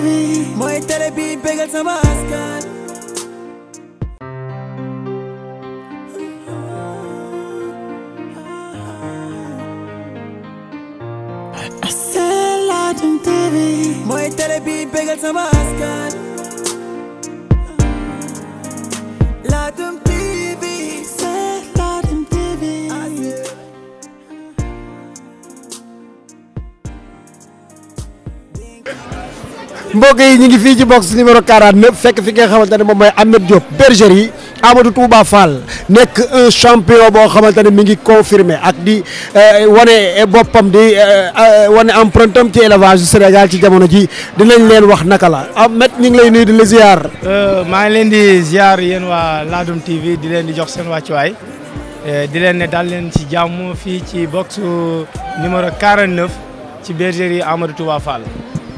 TV mooy télé bi bégal sama askan Ladoum TV mooy télé bi bégal sama askan Ladoum TV Ladoum TV Yeah. mbokk yi ñu ngi fii ci box numéro 49 fekk fi nga xamante ne am mooy Ameth Diop bergerie Amadou Touba Fall nekk un champion boo xamante ne mi ngi confirmé ak di euh, wane boppam di euh, euh, wane empreinte am ci élevage Sénégal ci jamono ji dinañ leen wax naka la am Ameth ñu ngi lay nuyu di la ziar. maa ngi leen di ziar yéen waa Ladoum TV di leen di jox seen waay di leen ne daal leen ci jàmm fii ci box numéro 49 ci bergerie Amadou Touba Fall.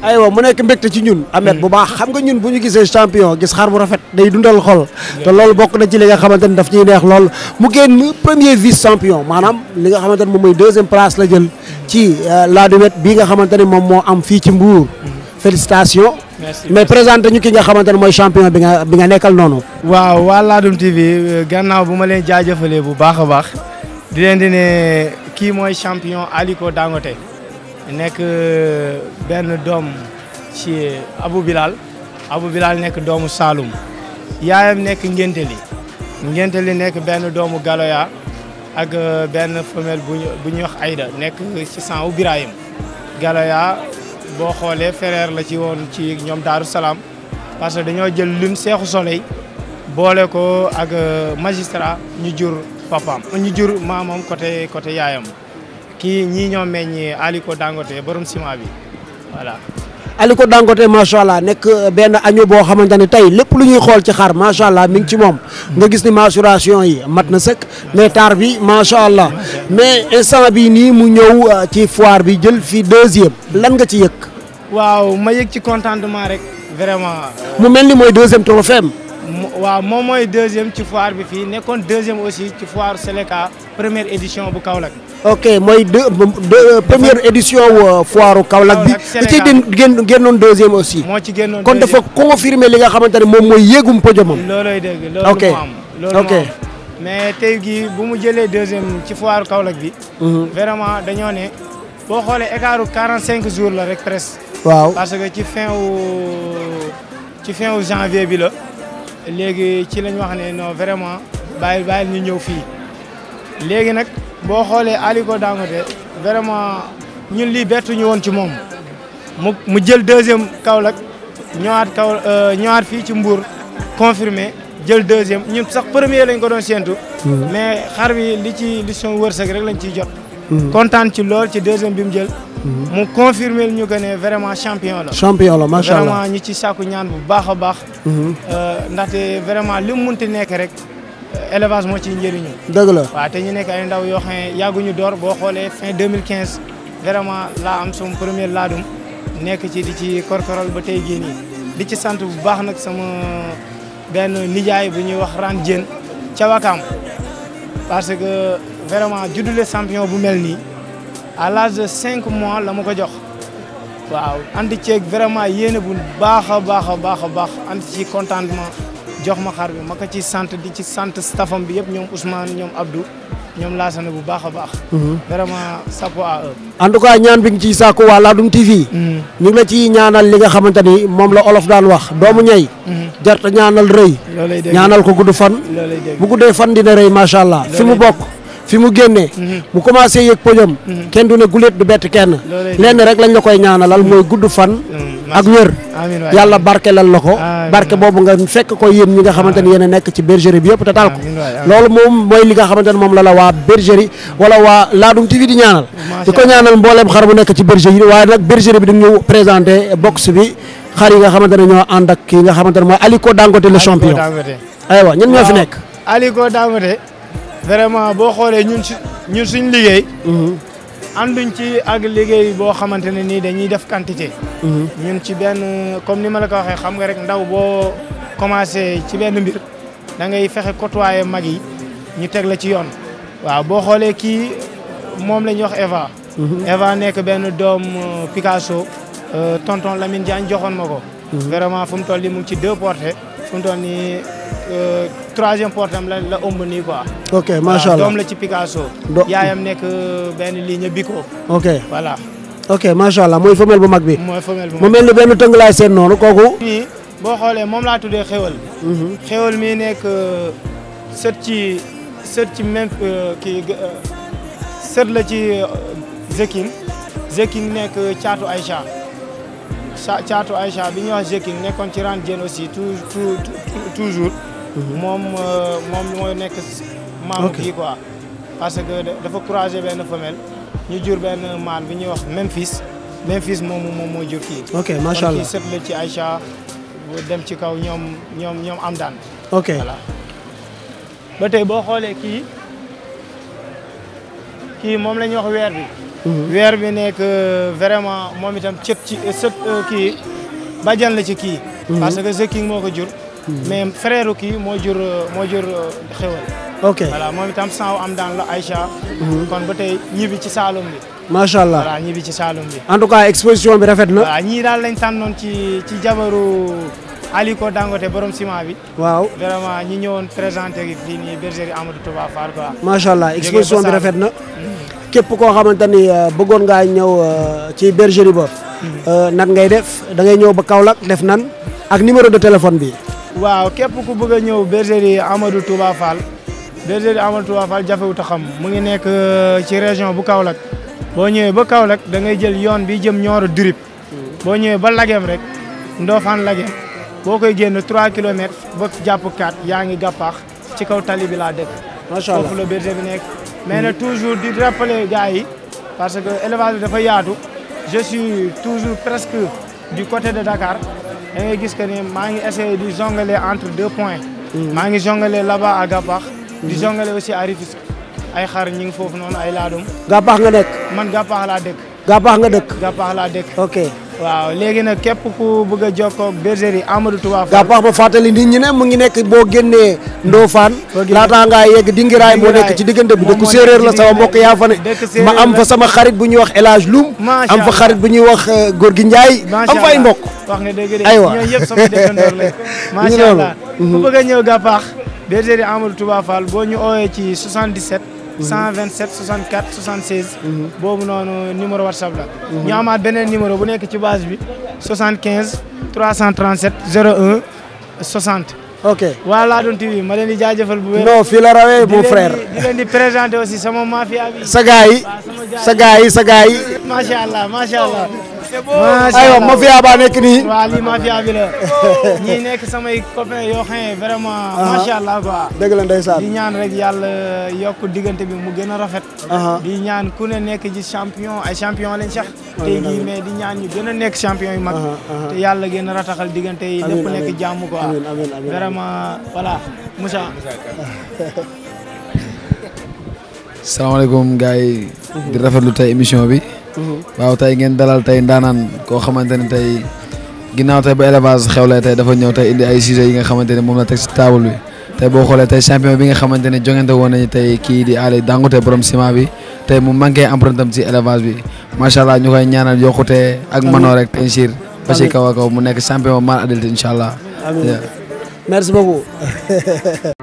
aywa mu nekk mbégte ci ñun amet bu baax xam nga ñun bu ñu gisee champion gis xar bu rafet day dundal xol te loolu bokk na ci li nga xamante ni daf ñuy neex lool mu génn premier vice champion maanaam li xamante ni moom mooy deuxième place la jël ci euh, la duwet bii nga xamante ni moom moo am fii ci Mbour félicitations mais présenté ñu ki nga xamante ne mooy champion bi nga bi nga nekkal noonu waaw waa Ladoum TV euh, gannaaw bu ma leen jaajëfalee bu baax a baax di leen di ne kii mooy champion Aliko Dangote nekk benn doom ci Abu Bilal Abu Bilal nekk doomu Saalum yaayam nekk Ngenteli Ngenteli nekk benn doomu Galoya ak euh, benn femelle bu ñuy wax Aïda nekk ci sang u Galoya boo xoolee frère la ci woon ci ñoom Daaru Salaam parce que dañoo jël lim Seexu Soleil boole ko ak euh, magistrat ñu jur papaam ñu jur maamam côté côté yaayam kii ñii ñoo meññ Aliko Dangote borom ciment bi voilà. Aliko Dangote macha allah nekk euh, benn añu boo xamante ne tey lépp lu ñuy xool ci xar macha allah mi ngi ci moom nga gis ni maturation yi mat na sëkk mais taar bi macha allah mais instant bi nii mu ñëw euh, ci foire bi jël fi deuxième lan nga ci yëg. waaw ma yëg ci contentement rek vraiment. mu mel ni mooy deuxième trophée am. waaw moom mooy deuxième ci foire bi fii nekkoon deuxième aussi ci foire Seleka première édition bu Kaolack. ok mooy de première édition euh, foiru Kaolack bi da cay génn génnoon deuxième aussi. moo ci génnoon kon dafa confirmer li nga xamante ne moom mooy yéegum podiumam. loolooy dëgg loolu ok mais tey gii bu mu jëlee deuxième ci foiru Kaolack bi. Mhm. vraiment dañoo ne boo xoolee écartu 45 jours la rek presque. waaw parce que ci fin wu ci fin wu janvier bi la léegi ci lañ wax ne non vraiment bàyyi bàyyi ñu ñëw fii léegi nag. boo xoolee Aliko Dangote vraiment ñun lii bettu ñu woon ci moom mu mu jël deuxième Kaolack ñëwaat kaw euh, ñëwaat fii ci Mbour confirmé jël deuxième ñun sax premier lañ ko doon séentu. Hmm. mais xar bi li ci li son wërsëg rek lañ ciy jot. Hmm. kontaan ci lool ci deuxième bi mu jël. Hmm. mu confirmer ñu que ne vraiment champion la. champion la macha allah ñu ci sàkku ñaan bu baax a baax. Euh, ndaxte vraiment li mu munti nekk rek. élevage moo ciy njëriñu. dëgg la te ñu nekk ay ndaw yoo xam ne yàgguñu door boo xoolee fin 2015 vraiment laa am sama premier laadum nekk ci di ci korkoral ba tey di ci sant bu baax nag sama benn nijaay bu ñuy wax Rane Dieng parce que vraiment juddule champion bu mel nii à l'âge de cinq mois la ma ko jox waaw andi ceeg vraiment yéene bu baax a baax a baax a baax andi ci contentement. jox ma xar bi ma ko ci sant di ci sant staffam bi yëpp ñoom Ousmane ñoom Abdou ñoom laasana bu baax a baax. Mhm. vraiment chapeau à eux. en tout cas ñaan bi nga ciy sàkku waa Ladoum TV. Mhm. ñu ngi la ciy ñaanal li nga xamante ni moom la olof daan wax doomu ñay. Mhm. jarta ñaanal rëy. ñaanal ko gudd fan. bu guddee fan dina rëy macha allah fi mu bokk. fi mu génnee mu commencé yëg pëjam kenn du ne guléet du bett kenn lenn rek lañ la koy ñaanalal mooy gudd fan mm, ak wér yàlla barkelal la ko barke boobu nga fekk ko yéen ñi nga xamante ni yéen nekk ci bergerie bi yëpp te taal ko loolu moom mooy li nga xamante moom la la waa bergerie wala waa Ladoum TV di ñaanal di ko ñaanal mbooleem xar bu nekk ci bergerie yi waaye nag bergerie bi dañu présenté box bi xar yi nga xamante ne ñoo ànd ak kii nga xamante ne mooy Aliko Dangote le champion aywa vraiment boo xoolee ñun su ñun suñ liggéey. anduñ mhm. ci ak liggéey boo xamante ne nii dañuy def quantité. Mhm. ñun ci benn comme ni ma la waxee xam nga rek ndaw boo commencé ci benn mbir da ngay fexe côtoyer mag yi ñu teg la ci yoon. waaw boo xoolee kii moom la ñuy wax Eva. Mhm. Eva nekk benn doom euh, Picasso euh, tonton Lamine jaan joxoon ma ko. vraiment fu mu toll nii mu ngi ci deux portées fu mu nii troisième portam la la ëmb nii quoi. ok macha allah doom la ci Picasso. yaayam nekk euh, benn ligne Biko. ok voilà. ok macha allah mooy femelle bu mag bi. mooy femelle bu mag bi mu mel ni benn tëng laay seen noonu kooku. nii boo xoolee moom laa tuddee xéwal. Mhm. xéwal mii nekk euh, sët ci sët ci même euh, kii sët la ci Zekin. Zekin nekk caatu Aïcha. caatu Aïcha bi ñuy wax Zekin nekkoon ci rente Dieng aussi tout tout. toujours. Mhm. moom euh, moom mooy nekk maam kii quoi. parce que dafa croiser benn femelle ñu jur benn mâle bi ñuy wax Memphis. Memphis moomu moom moo jur kii. ok macha allah kon kii sët la ci Aïcha dem ci kaw ñoom ñoom ñoom am daan. ok voilà ba tey boo xoolee kii kii moom la ñuy wax weer bi. Mhm. weer bi nekk euh, vraiment moom itam cët ci sët euh, kii bajan la ci kii. Mhm. parce que The moo ko jur. mais frère kii moo jur moo jur euh, xewal. ok moom itam sànq am daan la Aïcha. Mhm. kon ba tey ñibbi ci Saalum bi. macha allah voilà ñibbi ci Saalum bi. en tout cas exposition bi rafet na. voilà ñii daal lañ tànnoon ci ci jabaru Aliko Dangote borom ciment bi. waaw ñi ñëwoon présenté fii nii bergerie allah exposition rafet na. Mhm. képp koo xamante ni euh, bëggoon ngaa ñëw euh, ci bergerie ba. Mhm. nan ngay def da ngay ñëw ba Kaolack def nan ak numéro de téléphone bi. waaw képp ku bëgg a ñëw bergerie Amadou Touba Fall bergerie Amadou Touba Fall jafewut a xam mu ngi nekk euh, ci région bu Kaolack boo ñëwee ba Kaolack da ngay jël yoon bi jëm Nioro Durib boo ñëwee ba Lagem rek Ndofane Lagem boo ko génn 3 kilomètres ba jàpp 4 yaa ngi gàppaax ci kaw tali bi laa dëkk. macha allah nekk. mais nag toujours di rappeler gars parce que élevage dafa yaatu je suis toujours presque du côté de Dakar. da ngay gis que ni maa ngi essayé di jongler entre deux points. maa ngi jongler là-bas à di jongler aussi à Rufisque ay xar ñi ngi foofu noonu ay laadum. Gapax nga nekk. man Gapax laa dëkk. Gappaax nga dëkk. Gappaax laa dëkk. ok waaw léegi nag képp bëgg a jokkoo ak bergerie Amadou Touba. ba fàttali nit ñi ne mu ngi nekk boo génnee Ndofane. laataa ngaa yegg dingiraay moo nekk ci diggante bi dëkku séeréer la sama mbokk yaa fa ne. ma am fa sama xarit bu ñuy wax El Hadj am fa xarit bu ñuy wax euh, Gorgui Ndiaye. am fa ay mbokk. wax nga dëgg de ñooñu yëpp sama dëkkandoor bëgg a ñëw Gappaax bergerie Amadou Touba boo ñu oowee ci 77 127 64 76. boobu noonu numéro whatsapp la. Mhm. ñu amaat beneen numéro bu nekk ci base bi 75 337 01 60. ok waa Ladoum TV ma leen di jaajëfal bu wér. non fii la rawee mon frère. di leen di présenté aussi sama mafia bi. sa gars sa sa gars allah macha allah. aywa mafia ba nekk nii. waaw lii mafia bi la nekk samay copains yoo xam ne vraiment. macha allah quoi. dëgg la ndeysaan di ñaan rek yàlla yokk diggante bi mu gën a rafet. di ñaan ku ne nekk ci champion ay champion lañ sax. tey jii mais di ñaan ñi gën a nekk champion yu mag. te yàlla gën a rataxal diggante yi. amiin lépp nekk jàmm quoi. vraiment voilà Moussa. salaamaaleykum gars yi. di rafetlu tey émission bi. Mhm. waaw tey geen dalal tey ndaanaan koo xamante ne tey ginnaaw tey ba élevage xewlee tey dafa ñëw tey indi ay sujets yi nga xamante ne moom la teg si table bi. tey boo xoole tey champion bi nga xamante ne jongante woon nañu tey kii di Aly Dangote borom ciment bi tey mu manqué empreinte am ci élevage bi macha allah ñu koy ñaanal yokkute ak manoo rek Tinchir. ba ci kaw a kaw mu nekk champion mâle adulte incha allah. amiin merci beaucoup.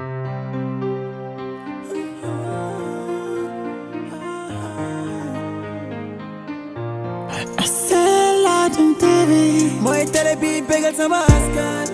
bégal sama askan